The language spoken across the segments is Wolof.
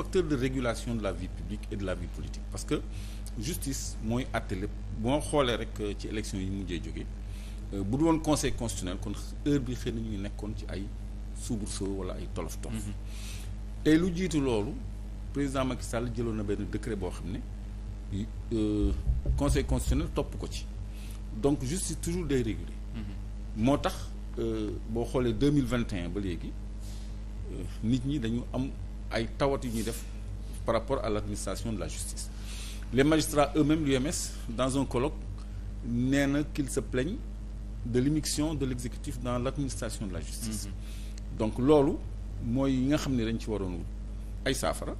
facteur de régulation de la vie publique et de la vie politique parce que justice mooy àtte lépp boo xoolee rek euh, ci élection yi mujjee jógee euh, bu du woon conseil constitutionnel kon heure bi xëy na ñu nekkoon ci ay soubresaut wala ay tolof tolof mm-hmm. tey lu jiitu loolu président Macky Sall jëloon na benn décret boo xam ne euh, conseil constitutionnel topp ko ci donc justice toujours day réguler mm-hmm. moo tax boo xoolee deux mille vingt et ba léegi nit ñi dañu am ay tawat yu ñuy def par rapport à l'administration de la justice les magistrats eux-mêmes l'UMS dans un colloque nee na qu'ils se plaignent de l'immixtion de l'exécutif dans l'administration de la justice mm-hmm. donc loolu mooy yi nga xam ne dañ ci waroon ay saafara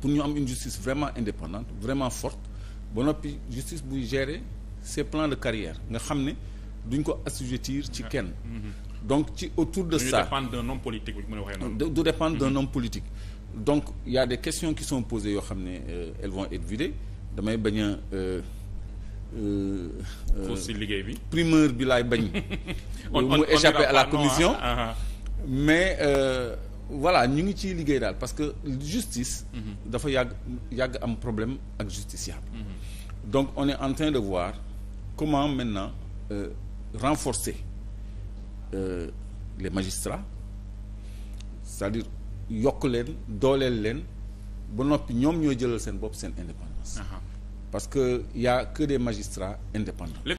pour ñu am une justice vraiment indépendante vraiment forte ba noppi justice buy gérer ses plan de carrière nga xam ne duñ ko assujettir ci ah. kenn. Mm-hmm. donc ci autour de ça dépendre d'un homme politique du dépendre d'un mm-hmm. homme donc il y des questions qui sont posées yoo xam ne euh, elles et être vidées damay bañ a. Euh, euh, liggéey bi. primeur bi laay bañ. mu échapper à la commission. Uh-huh. mais voilà ñu ngi ciy liggéey daal parce que justice. Mm-hmm. dafa yàgg yàgg am problème ak justiciable. donc on est en train de voir comment maintenant. renforcer euh, les magistrats c'est-à-dire yokk leen dooleel leen ba noppi ñoom ñoo jëlal seen bopp seen indépendance. Uh-huh. parce que yaa a que des magistrats indépendants.